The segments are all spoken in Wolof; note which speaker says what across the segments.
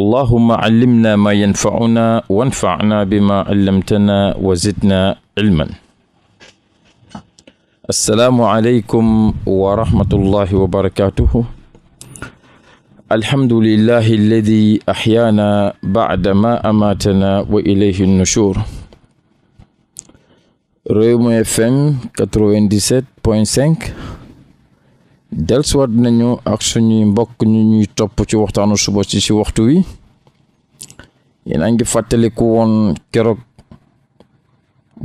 Speaker 1: allahuma callimna maa yanfacunaa wanfacnaa bimaa callamtanaa wa zidnaa cilman assalaamu aleykum wa rahmatullahi wa barakaatuhu alhamdulillahi alladi axyaanaa bacda maa amaatanaa wa ilayhi nushuur Rewmi FM 97.5 dellusiwaat nañu ak suñuy mbokk ñu ñuy topp ci waxtaanu suba ci ci waxtu wi yéen a ngi fàttaliku woon keroog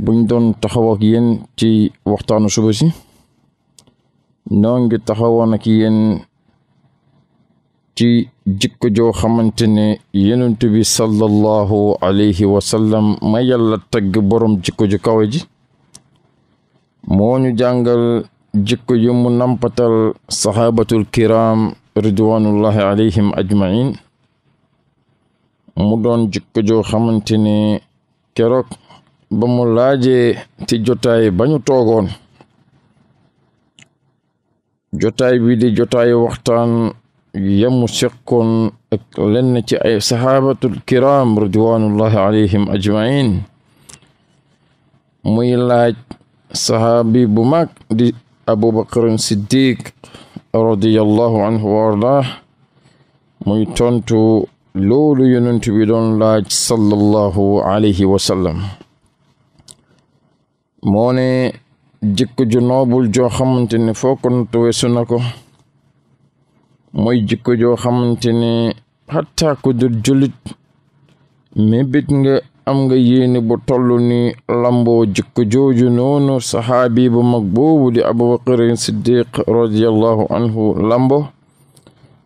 Speaker 1: buñ doon taxaw ak yéen ci waxtaanu suba si noo ngi taxawoon ak yéen ci jikko joo xamante ne yonent bi sallallahu alayhi wa sallam ma yàlla tagg borom jikko ju kawe ji moo ñu jàngal jikko yu mu nampatal saxaabatul kiram ridwanullahi alayhim ajmain mu doon jikko joo xamante ne keroog ba mu laajee ci jotaay ba toogoon jotaay bi di jotaayu waxtaan yamu seqoon ak lenn ci ay saxaabatul kiram ridwanullahi alayhim ajmain muy laaj saxaabi bu mag di abubakarin siddiq radiallahu anhu wa ardah muy tontu loolu yonent bi doon laaj sallallahu alayhi wa moone moo ne ju noobul joo xamante ne foo ko na ko mooy jikko joo xamante ne xataa ko dul jullit mébét nga am nga yéene bu toll ni lamboo jikko jooju noonu saxaabi bu mag boobu di abubakar siddiq radiallahu anhu lambo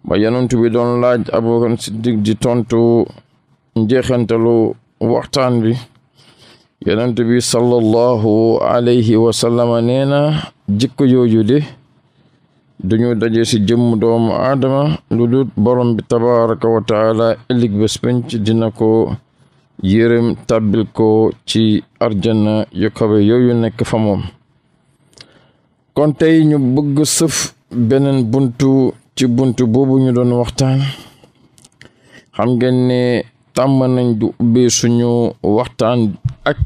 Speaker 1: ba yonent bi doon laaj Abubakar Siddiq di tontu njeexantalu waxtaan bi yonent bi sallallahu alayhi wa sallama na jikko yooyu de duñu daje ci jëmm doomu adama lu dut borom bi tabaraka wa taala ëllëg bés dina ko yërëm tàbbil ko ci arjana yu kawe yooyu nekk fa moom kon tey ñu bëgg sëf beneen buntu ci bunt boobu ñu doon waxtaan xam ngeen ne tàmm nañ du ubbee suñu waxtaan ak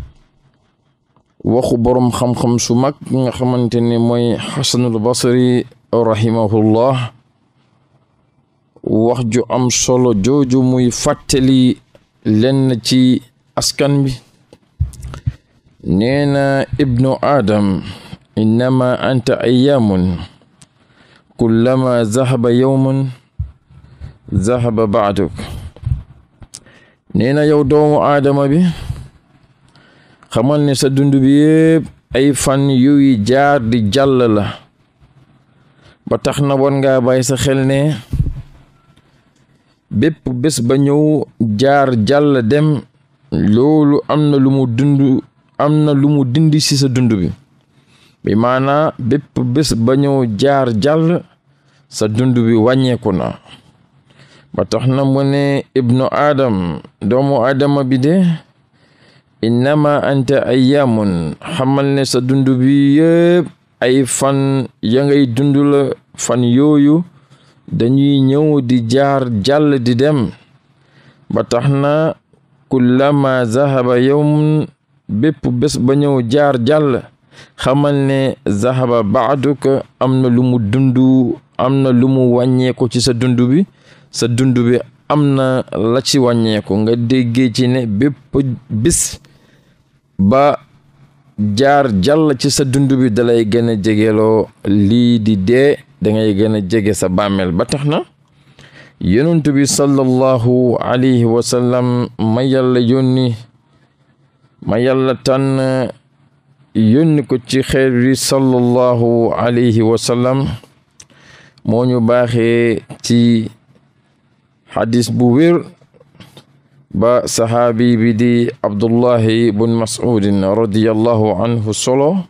Speaker 1: waxu boroom xam-xam su mag nga xamante ne mooy xasanul basri rahimahullah wax ju am solo jooju muy fàttali lenn ci askan bi nee na ibnu aadam innama anta ayyaamun kullama zahaba yowmun zahaba baaduk nee na yow doomu aadama bi xamal ne sa dund bi ay fan yuy jaar di jàll la ba tax na war ngaa bàyyi sa xel ne bépp bés ba ñëw jaar jàll dem loolu am na lu mu dund dindi ci sa dund bi bi maanaa bépp ba ñëw jaar jàll sa dund bi wàññeeku na ba tax na mu ne ibnu aadam doomu aadama bi de innama anta ayyamun xamal ne sa dund bi yëpp ay fan ya ngay fan yooyu dañuy ñëw di jaar jàll di dem ba tax na kullama zahaba yawmun bépp bés ba ñëw jaar jàll xamal ne zahaba baaduka am na lu mu dundu am na lu mu wàññeeku ci sa dund bi sa dund bi am na la ci wàññeeku nga déggee ci ne bépp bis ba jaar jàll ci sa dund bi dalay gën a jegeloo lii di dee dangay gën a jege sa bàmmeel ba tax na yonent bi sallallahu alayhi wa sallam ma yàlla yónni ma yàlla tànn yónni ko ci xeer wi sallallahu alayhi wa moo ñu baaxee ci xadis bu wér ba saxaabi bi di abdullahi bun mas'udin radiyallahu anhu solo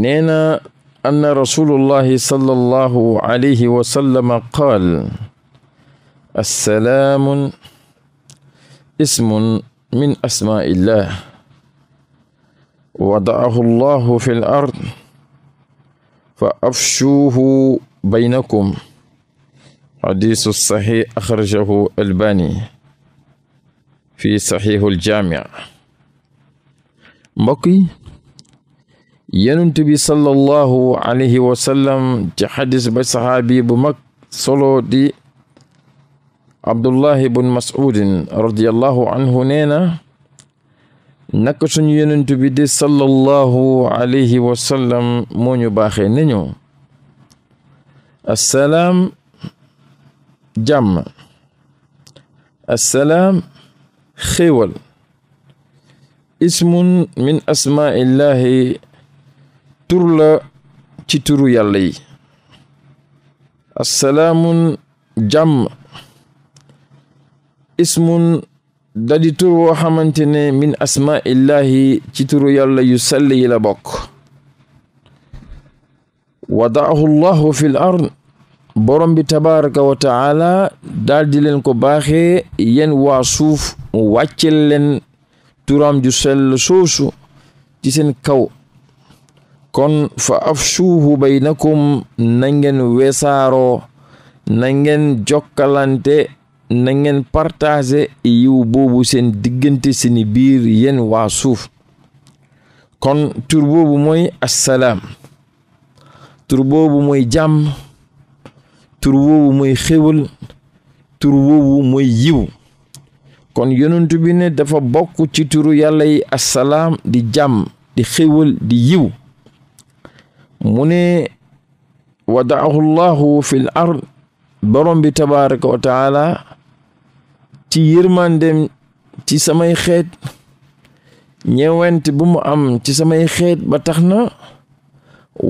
Speaker 1: nee na anna rasulullahi sallallahu alayhi wa sallama qaal assalaamun ismun min asmaa'illah wada'ahu allahu fi l ard fa afshuuhu baynakum xadisu saxix axrajahu albani fi saxixul jaamic mbokk yi yenent bi sallallahu alayhi wasallam ci xadis ba saxaabi bu mag solo di abdullahi bun mas'udin radiallahu anhu neena naka suñu yonent bi di sallallahu alayhi wa sallam moo ñu baaxee nañu assalaam jàmm assalaam xéewal ismun min asmaillahi tur la ci turu yàlla yi assalaamun jàmm dadi tur woo xamante ne min asmaillahi ci turu yàlla yu sell yi la bokk wadaahu fi ard borom bi tabaraka wa taala daal leen ko baaxe yéen wa suuf mu wàccel leen turam ju sell soosu ci seen kaw kon fa afshuuhu baynakum na ngeen weesaaroo na ngeen jokkalante na ngeen partager yiw boobu seen diggante seeni biir yéen waa suuf kon tur mooy assalaam tur boobu mooy jàmm tur boobu mooy xéwal tur mooy yiw kon yonent bi ne dafa bokk ci turu yàlla assalaam di jàmm di xéwal di yiw mu ne wadaahu llahu fi ard borom bi tabaraka wa ci yërmandem ci samay xeet ñewent bu mu am ci samay xeet ba tax na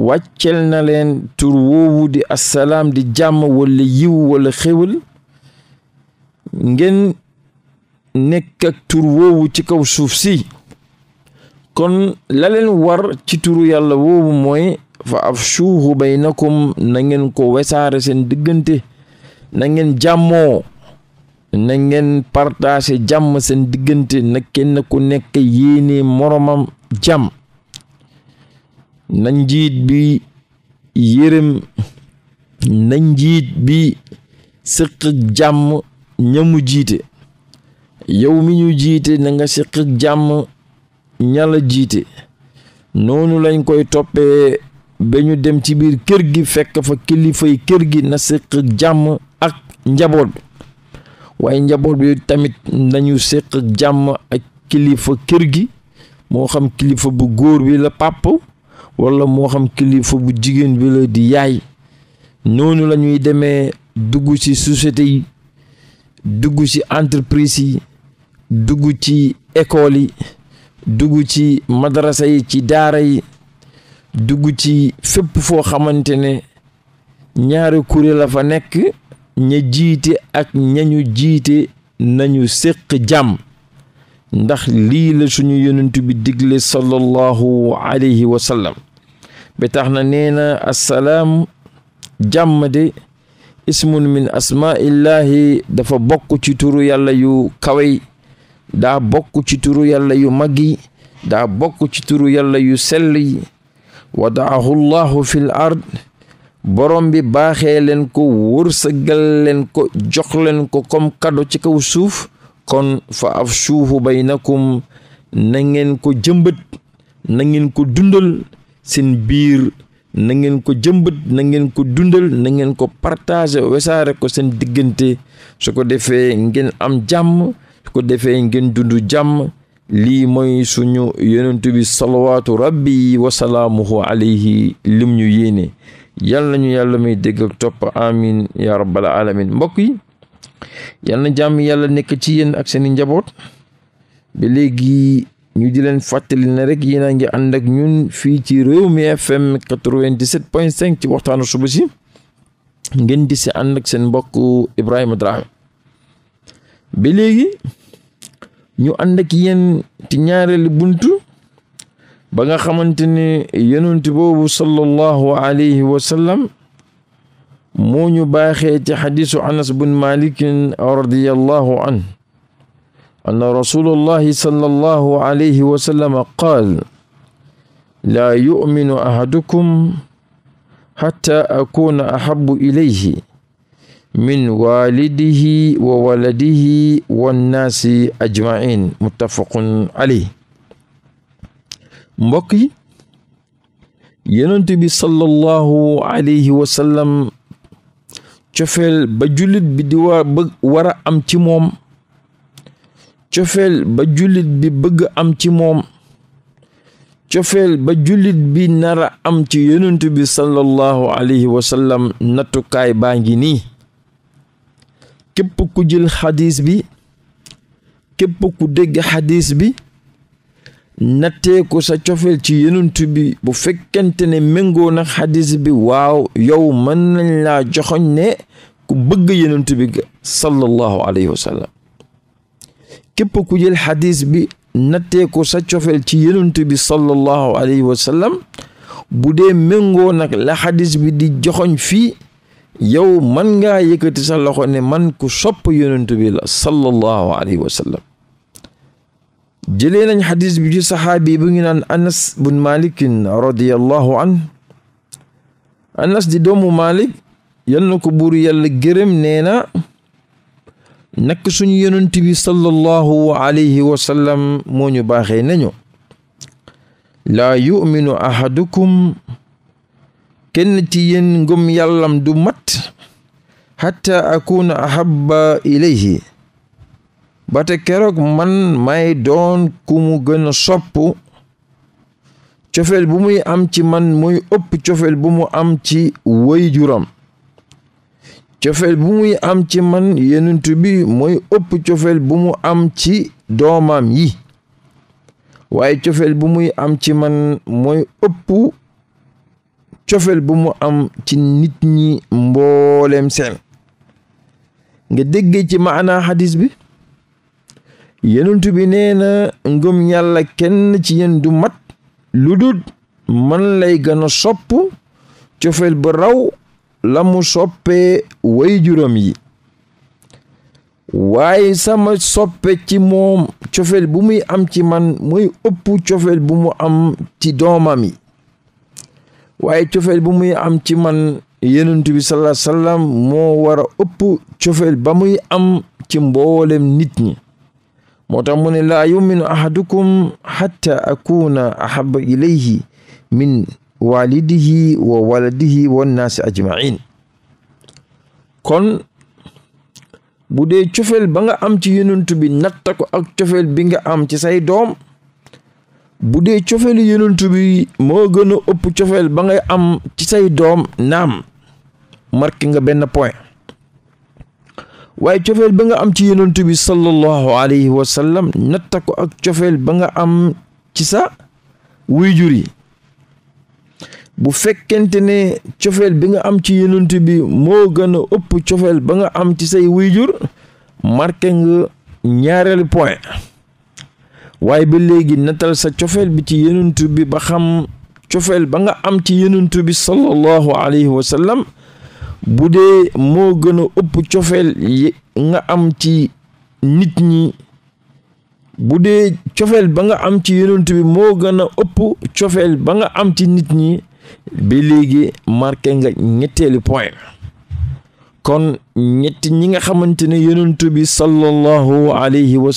Speaker 1: wàccel na leen tur woowu di assalaam di jàmm wala yiw wala xéwal ngeen nekk ak tur woowu ci kaw suuf si kon la leen war ci turu yàlla woowu mooy fa afshuuhu baynakum na ngeen ko wesaare seen diggante na ngeen jàmmoo na ngeen partage jàmm seen diggante na kenn ku nekk yéene moromam jàmm na njiit bi yërëm na njiit bi sëq jàmm ñamu jiite yow mi ñu jiite na nga sëq jàmm ñala jiite noonu lañ koy toppee ba ñu dem ci biir kër gi fekk fa kilifay kër gi na sëq jàmm ak njaboot waaye njaboot bi tamit nañu séq jàmm ak kilifa kër gi moo xam kilifa bu góor bi la pàpp walla moo xam kilifa bu jigéen bi la di yaay noonu la demee dugg ci société yi dugg ci entreprise yi dugg ci école yi dugg ci madarasa yi ci daara yi dugg ci fépp foo xamante ne ñaari kuréel la fa nekk ña jiite ak ñañu jiite nañu seq jàmm ndax lii la suñu yonentu bi digle sallallahu alayhi wa sallam tax na neena na assalaam jàmm de ismun min asmaillahi dafa bokk ci turu yu kawey daa bokk ci turu yàlla yu maggi daa bokk ci turu yàlla yu sell yi fi ard borom bi baaxee leen ko wërsëgal leen ko jox leen ko comme cadeau ci kaw suuf kon fa afshuuhu baynakum na ngeen ko jëmbët na ngeen ko dundal seen biir na ngeen ko jëmbët na ngeen ko dundal na ngeen ko partager wesaare ko seen diggante su ko defee ngeen am jàmm su ko defee ngeen dund jàmm lii mooy suñu yonentu bi salawaatu rabbi wasalaamuhu alayhi lim ñu yéene yal nañu yàlla may dégg topp amin ya rabbal alamin mbokk yi yal na jàmm yàlla nekk ci yéen ak seen njaboot ba léegi ñu di leen fàttali ne rek yéen a ngi ànd ak ñun fii ci réew Rewmi FM 97.5 ci waxtaanu suba si ngeen di si ànd ak seen mbokk Ibrahima Drame ba léegi ñu ànd ak yéen ci ñaareelu buntu. ba nga xamante ne yenunti boobu sallallahu alayhi wa sallam moo ñu baaxee ci xadisu anas bun malikin radiyallahu an anna rasulullahi sallallahu alayhi wa sallam qaal laa yuminu ahadukum xatta akuna ahabu ilayhi min waalidihi wa waladihi wannaasi ajmain muttafaqun alayh mbokk yi yonent bi sallallahu alayhi wa cofeel ba jullit bi di war bëgg war am ci moom cofeel ba jullit bi nara am ci yonent bi sallallahu alayhi wa nattukaay baa ngi nii képp ku jël bi képp ku dégg xadiis bi nattee sa cofeel ci yenentu bu fekkente ne méngoo nag xadis bi waaw yow mën nañ laa joxoñ ne ku bëgg yenentu bi sallallahu alayhi wa sallam képp ku jël xadis bi natteeku ko sa cofeel ci yenentu bi sallallahu alayhi wa bu dee méngoo nag la xadis bi di joxoñ fii yow man ngaa yëkkati sa loxo ne man ku sopp yenentu bi la sallallahu alayhi wa sallam jëlee nañ xadis bi ci saxaabi bu ngi naan anas bun malikin radiallahu an anas di doomu malik yal na ko buur yàlla gërëm nee na nak suñu yonent bi sallallahu alayhi wa sallam moo ñu baaxee nañu laa yuminu ahadukum kenn ci yéen ngëm yàllam du mat xatta ilayhi ba keroog man may doon ku mu gën a sopp cofeel bu muy am ci man muy ëpp cofeel bu mu am ci way juram cofeel bu muy am ci man yenentu bi mooy ëpp cofeel bu mu am ci doomam yi waaye cofeel bu muy am ci man mooy ëpp cofeel bu mu am ci nit ñi mboolem seen nga déggee ci maanaa xadis bi yonent bi nee na ngëm kenn ci yéen du mat lu dul man lay gën a sopp cofeel ba raw la mu soppee way juróom yi waaye sama soppe ci moom cofeel bu muy am ci man muy ëpp cofeel bu mu am ci doomam yi waaye cofeel bu muy am ci man yonent bi sallallahu moo war a ëpp cofeel ba muy am ci mboolem nit ñi moo tax mu ne laa yuminu ahadukum hatta akuna ahaba ilayhi min walidihi wa waladihi si ajmain kon bu dee cofeel ba nga am ci yonent bi natta ko ak cofeel bi nga am ci say doom bu dee cofeelu yonent bi moo gën a ëpp cofeel ba ngay am ci say doom naam marqué nga benn point waaye cofeel ba nga am ci yonent bi sallallahu alayhi wa sallam natta ko ak cofeel ba nga am ci sa wuy jur bu fekkente ne cofeel bi nga am ci yonent bi moo gën a ëpp cofeel ba nga am ci say wuy marke nga ñaareelu point waaye ba léegi nattal sa cofeel bi ci yonent bi ba xam cofeel ba nga am ci yonent bi sallallahu alayhi wa sallam bu dee moo gën a ëpp cofeel yi nga am ci nit ñi bu dee cofeel ba nga am ci yonent bi moo gën a ëpp cofeel ba nga am ci nit ñi ba léegi marke nga ñetteelu point kon ñetti ñi nga xamante ne yonent bi sallallahu alayhi wa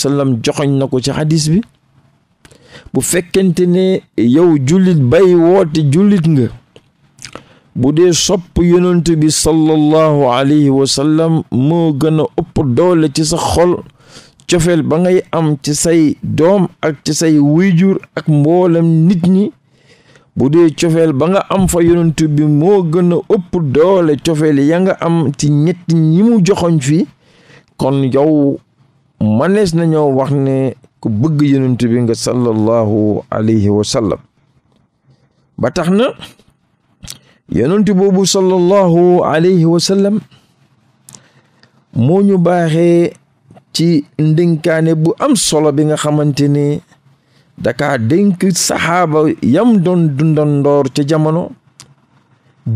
Speaker 1: joxoñ na ko ci hadis bi bu fekkente ne yow jullit bay woote jullit nga bu dee sopp yonent bi sallallahu alayhi wa moo gën a ëpp doole ci sa xol cofeel ba ngay am ci say doom ak ci say wuyjur ak mboolem nit ñi bu dee cofeel ba nga am fa yonent bi moo gën a ëpp doole cofeel ya nga am ci ñett ñi mu joxoñ fi kon yow manees nañoo wax ne ku bëgg yonent bi nga sallallahu alayhi wa sallam ba tax na yonentu boobu sallallahu alayhi wa sallam moo ñu baaxee ci ndénkaane bu am solo bi nga xamante ne daka dénk saxaaba yam doon dundandoor ca jamono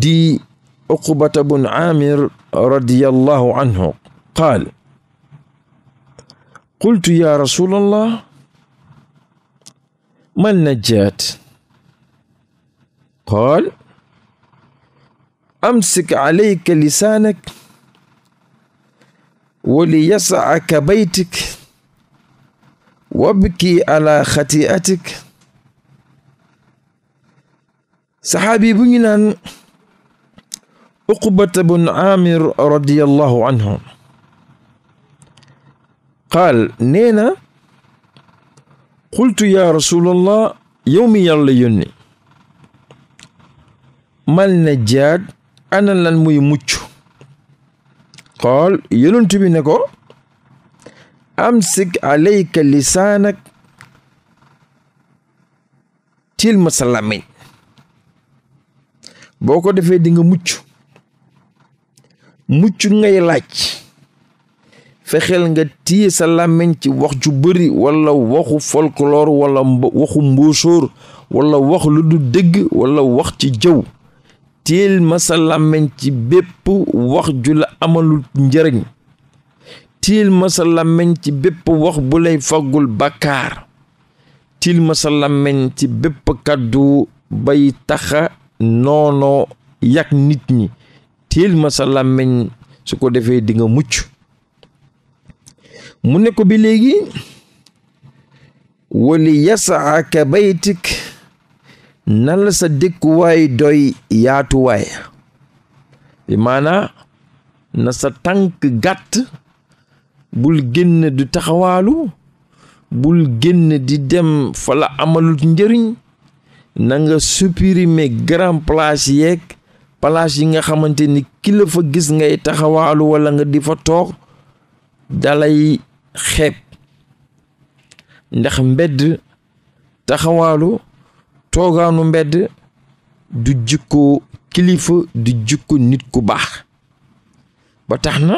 Speaker 1: di uqbata bun aamir radiyallahu anhu qaal qultu ya rasulallah mal najaat qaal amsik alayka lisaanak wali yas'aka baytik wabki ala xati'atik saxaabi bu ñu naan uqbata bun amir radiyallahu anhu qaal nee na qultu yaa rasulallah yow mi yàlla yónni mal na jaad ana lan muy mucc xool yonent bi ne ko amsik alayka lisaanak til ma sa làmmiñ boo ko defee dinga mucc mucc ngay laaj fexeel nga téye sa làmmiñ ci wax ju bari walla waxu folklore wala waxu mbóosóor walla wax lu du dëgg wala wax ci jëw téel ma sa ci bépp wax ju amalul njariñ tiil ma sa ci bépp wax bulay lay faggul bàkkaar tiil ma sa ci bépp kàddu bay taxa noonoo yàq nit ñi tiil ma sa su ko defee dinga mucc mu ne ko bi léegi wali yasaaka baytik nan la sa dëkkuwaay doy yaatuwaay bi maanaa na sa tànk gàtt bul génn di taxawaalu bul génn di dem fala la amalut njëriñ na nga supprimer grand place yeeg place yi nga xamante ni kilo fa gis ngay taxawaalu wala nga di fa toog dalay xeeb ndax mbedd taxawaalu toogaanu mbedd du jikko kilifa du jikko nit ku baax ba tax na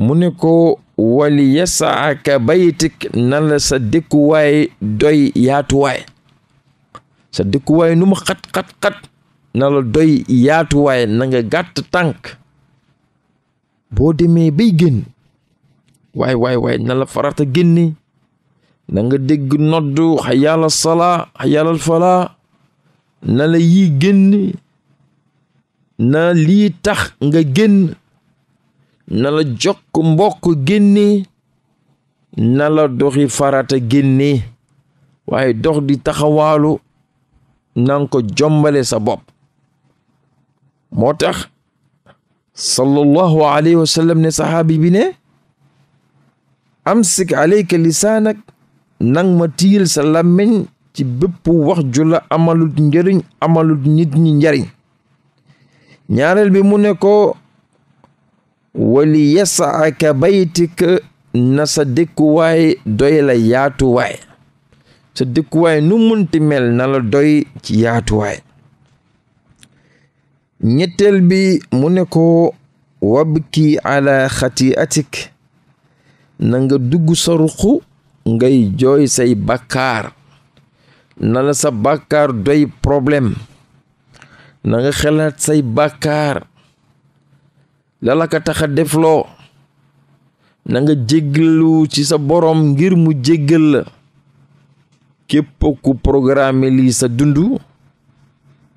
Speaker 1: mu ne ko wali yasaaka bayitik na la sa dëkkuwaay doy yaatuwaay sa dëkkuwaay nu mu xat xat xat na la doy yaatuwaay na gàtt tànk boo demee bay génn waay waay waay na la farata génne na nga dégg noddu xayaala salaa xayaala falaa na yii génn na lii tax nga génn nala la jokk mbokk génne na la doxi farata génne waaye dox di taxawaalu nanga ko jombale sa bopp moo tax sallallahu alayhi wa sallam ne sahaabi bi ne amsik alayka lisaanak nang ma tiil sa làmmiñ ci bëpp wax ju la amalut njëriñ amalut nit ñi njariñ ñaareel bi mu ne ko wali yasa aka baytika na sa dëkkuwaay doy la yaatuwaay sa dëkkuwaay nu munti mel na la doy ci yaatuwaay ñetteel bi mu ne ko wabki ala xatiatik na nga dugg sa ruqu ngay jooy say bàkkaar na la sa bàkkaar doy problème na xelaat say bàkkaar la la ka tax a defloo na nga jéggalu ci sa boroom ngir mu jéggal la képp ku programme lii sa dundu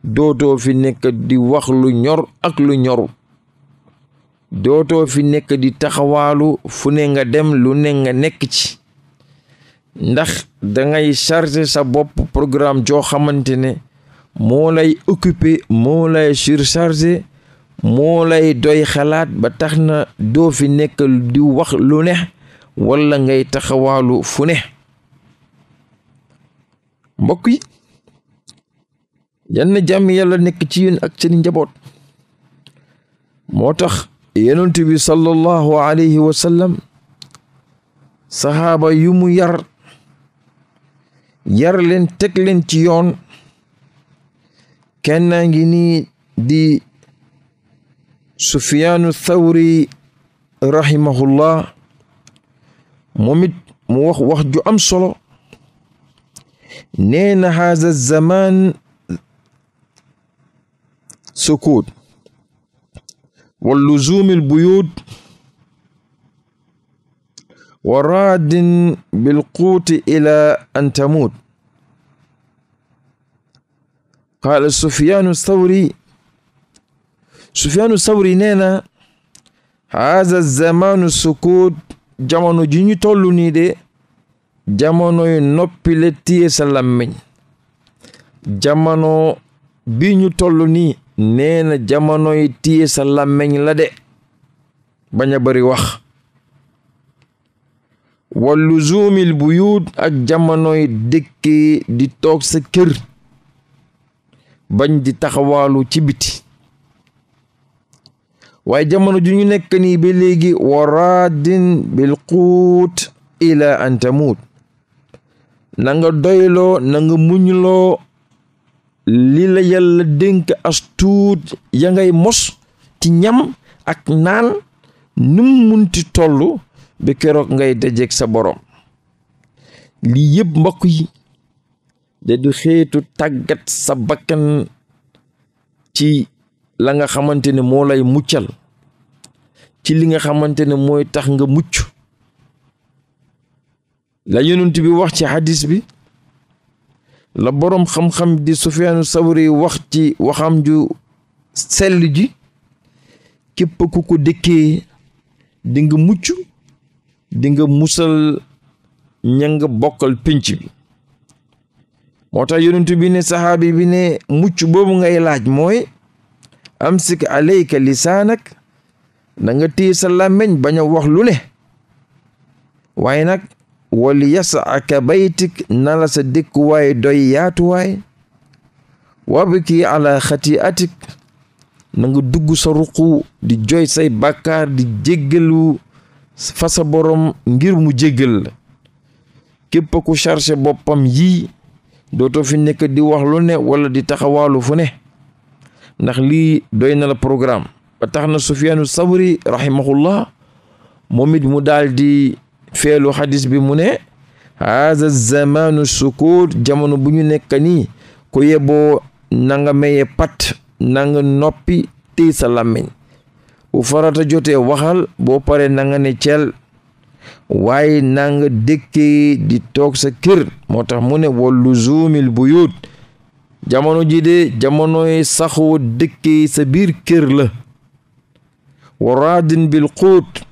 Speaker 1: dootoo fi nekk di wax lu ñor ak lu ñoru dootoo fi nekk di taxawaalu fu ne nga dem lu ne nga nekk ci ndax dangay charger sa bopp programme joo xamante ne moo lay occuper moo lay surcharger moo lay doy xalaat ba tax na doofi fi nekk di wax lu ne walla ngay taxawaalu fu ne mbokk yi yann jàmm yàlla nekk ci yéen ak seen njaboot moo tax yonent bi sallallahu alayhi wa saxaaba yu mu yar yar leen teg leen ci yoon kenn ngi nii di sufiyaanu thawri rahimahullah moom it mu wax wax ju am solo nee na sukuut zaman sukut wa luzuumil wa raadin kuuti ila an tamuut qaala sufyaanu thawri sufyaanu thawri nee na haada zamanu sukuut jamono ji ñu tollu nii de jamonoy noppile le tiye sa làmmiñ jamono bi ñu toll nii nee na jamonoy tiye sa làmmiñ la de bañ bari wax wallu wa bu yuut ak jamonoy dëkkee di toog sa kër bañ di taxawaalu ci biti waaye jamono ju ñu nekk nii ba léegi waraadin bil quut ila an tamuut na nga doyloo na nga muñuloo la yàlla dénk astuut tuut ya ngay mos ci ñam ak naan num munti tollu bi keroog ngay dajeeg sa boroom lii yëpp mbokk yi da di xeetu tàggat sa bakkan ci la nga xamante ne moo lay muccal ci li nga xamante ne mooy tax nga mucc la yonent bi wax ci hadis bi la boroom xam-xam di Sufyaanu Sawri wax ci waxam ju sell ji képp ku ko dëkkee di nga mucc di nga musal ña nga bokkal pénc bi moo tax yonentu bi ne saxaabi bi ne mucc boobu ngay laaj mooy amsik alayka lisaanak na nga téye sa làmmeñ bañ a wax lu ne waaye nag wali yasa aka baytik na sa dëkkuwaay doy yaatuwaay wabki ala xatiatik na nga dugg sa ruqu di jooy say bàkkaar di jéggalu fa sa borom ngir mu jéggal la képp ku chargé boppam yii dooto fi nekk di wax lu ne wala di taxawaalu fu ne ndax lii doy na la programme ba tax na Sufyaanu Sawri rahimahullah moom it mu daldi di feelu xadis bi mu ne haza zamanu sukuut jamono bu ñu nekk nii ko yeboo nanga meye pat nanga noppi tey sa làmmiñ bu farata jotee waxal boo paree nanga ne cel waaye nanga nga dëkkee di toog sa kër moo tax mu ne wollu wallu bu yuut jamono ji de jamonoy saxoo dëkkee sa biir kër la wa raadin bil quut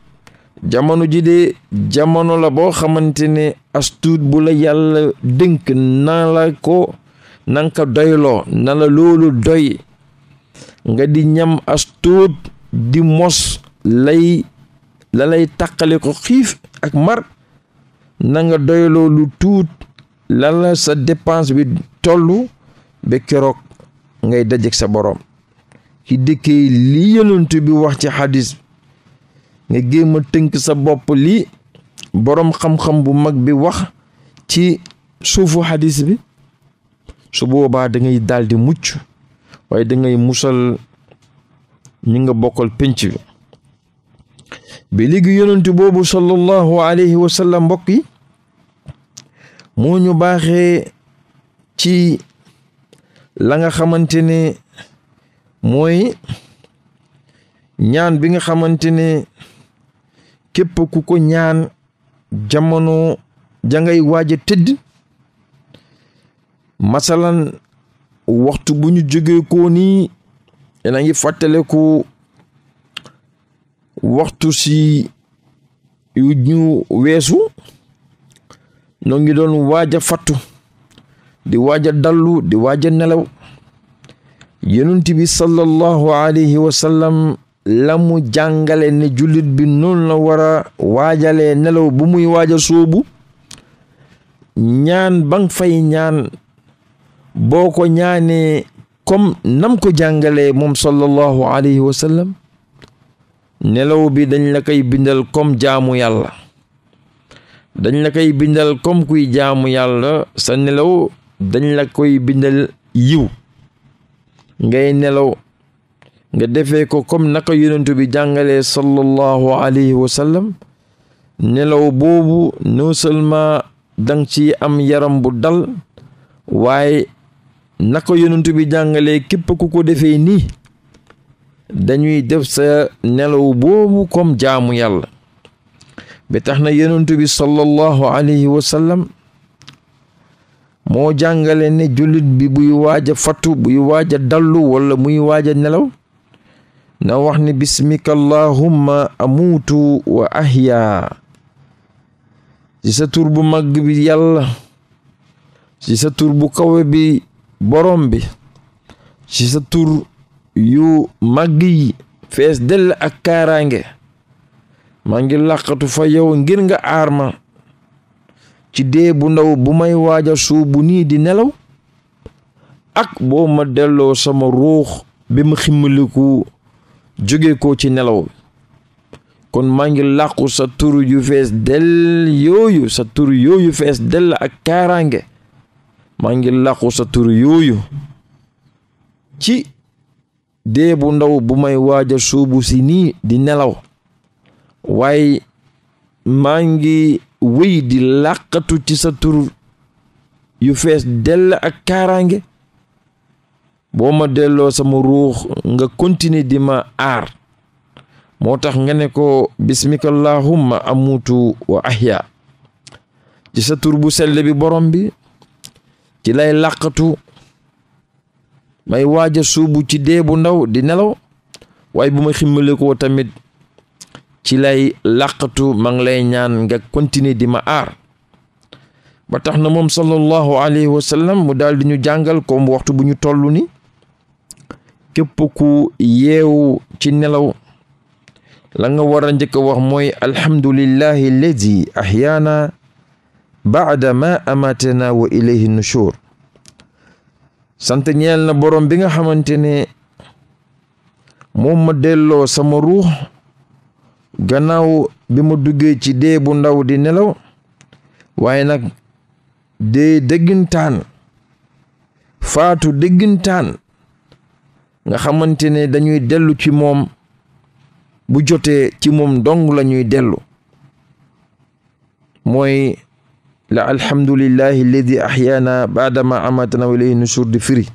Speaker 1: jamono ji de jamono la boo xamante ne astuut bu la yàlla dënk na la ko na doyloo na la loolu doy nga di ñam astuut di mos lay lalay lay ko xiif ak mar nanga nga doyloo lu tuut lan la sa dépense bi tollu ba keroog ngay dajeg sa boroom ki dëkkee li yonent bi wax ci xadis nga géem a tënk sa bopp li boroom xam-xam bu mag bi wax ci suufu xadis bi su boobaa dangay daldi mucc waaye dangay musal ñi nga bokkal pénc bi bi léegi yonentu boobu sallallahu alayhi wa sallam mbokk yi moo ñu baaxee ci la nga xamante ne mooy ñaan bi nga xamante ne képp ku ko ñaan jamono jangay waaj a tëdd masalan waxtu bu ñu jógee ko nii yéen a ngi fàttaleku waxtu si yu weesu noo ngi doon waaj a fattu di waaja a dallu di waaj nelaw yonent bi sallallahu alayhi wa sallam la jàngale ne jullit bi noonu na wara waajale nelaw bu muy waaj a sóobu ñaan ba nga ñaan boo ko ñaanee comme nam ko jàngalee moom sallallahu alayhi wa nelaw bi dañ la koy bindal kom jaamu yàlla dañ la koy bindal kom kuy jaamu yàlla sa nelaw dañ la koy bindal yiw ngay nelaw nga defee ko comme naka yonentu bi jàngale sallallahu alayhi wa nelaw boobu non seulement ci am yaram bu dal waaye na ko yonent bi jàngalee képp ku ko defee nii dañuy def sa nelaw boobu kom jaamu yàlla ba tax na yonent sallallahu alayhi wa moo jàngale ne jullit bi buy waaj a fattu buy waaj a dallu walla muy waaj a nelaw na wax ni bismika allahumma muutu wa ahya ci sa tur bu màgg bi yàlla ci sa tur borom bi ci sa tur yu màgg yi fees dell ak kaaraange maa ngi làqatu fa yow ngir nga aar ma ci dee bu ndaw bu may waaja suubu nii di nelaw ak boo ma delloo sama ruux bi ma ximmaliku jóge ko ci nelaw kon maa ngi làqu sa yu fees dell yooyu sa tur yooyu fees dell ak kaaraange maa ngi làqu sa tur yooyu ci dee bu ndaw bu may waaj a sóobu si nii di nelaw waaye maa ngi wéy di làqatu ci sa tur yu fees dell ak kaaraange boo ma delloo sama ruux nga continuer di ma aar moo tax nga ne ko bismikallahumma amutu wa ahya ci sa tur bu sell bi borom bi ci lay làqatu may waaj suubu ci dee bu ndaw di nelaw waaye bu ma ximmale ko tamit ci lay làqatu ma ngi lay ñaan nga continuer di ma ar ba tax na moom sallallahu alayhi wa sallam mu daal di ñu jàngal comme waxtu bu ñu toll ni képp ku yeewu ci nelaw la nga war njëkk a wax mooy alhamdulillahi lazi ahyaana baada ma amatena wa ilayhi nushur sant ñeel na borom bi nga xamante ne moom ma delloo sama ruux gannaaw bi ma duggee ci dee bu ndaw di nelaw waaye nag dee dëggintaan faatu dëggintaan nga xamante ne dañuy dellu ci moom bu jotee ci moom dong lañuy dellu mooy la alhamdulillahi alladi ahyaana baadama amatana wa ilayhi nushur firi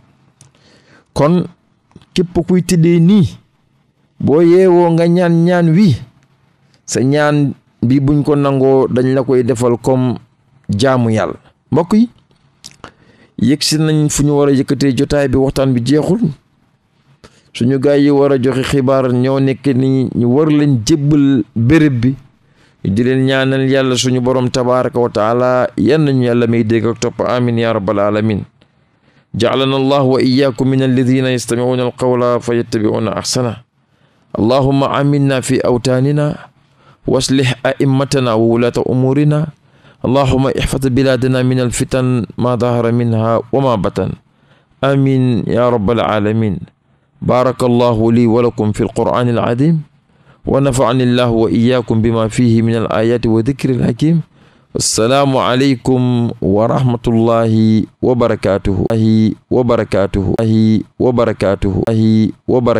Speaker 1: kon képp kuy tëddee nii boo yeewoo nga ñaan ñaan wi sa ñaan bi buñ ko nangoo dañ la koy defal comme jaamu yàlla mbokk yi yëgsi nañ fu ñu war a yëkkatee jotaay bi waxtaan bi jeexul suñu gaa yi war a joxe xibaar ñoo nekk ni ñu war leen jébbal béréb bi di leen ñaanal yàlla suñu borom tabaraka wa taala yan nañu yàlla may dégg ak topp amin ya rabbal alamin ja'alana allah wa iyyakum min alladhina yastami'una alqawla fa yattabi'una ahsana allahumma aminna fi awtanina waslih a'immatana wa wulata umurina allahumma ihfaz biladana min alfitan ma dahara minha wa ma batan amin ya rabbal alamin بارك الله لي ولكم في القرآن العظيم wa nafani llahu wa iyaakum bima fihi min al ayati wa dikril hakim assalaamu aleykum wa rahmatullahi wa barakatuhu ahi wa barakatuhu ahi wa barakatuhu ahi wa barakatuhu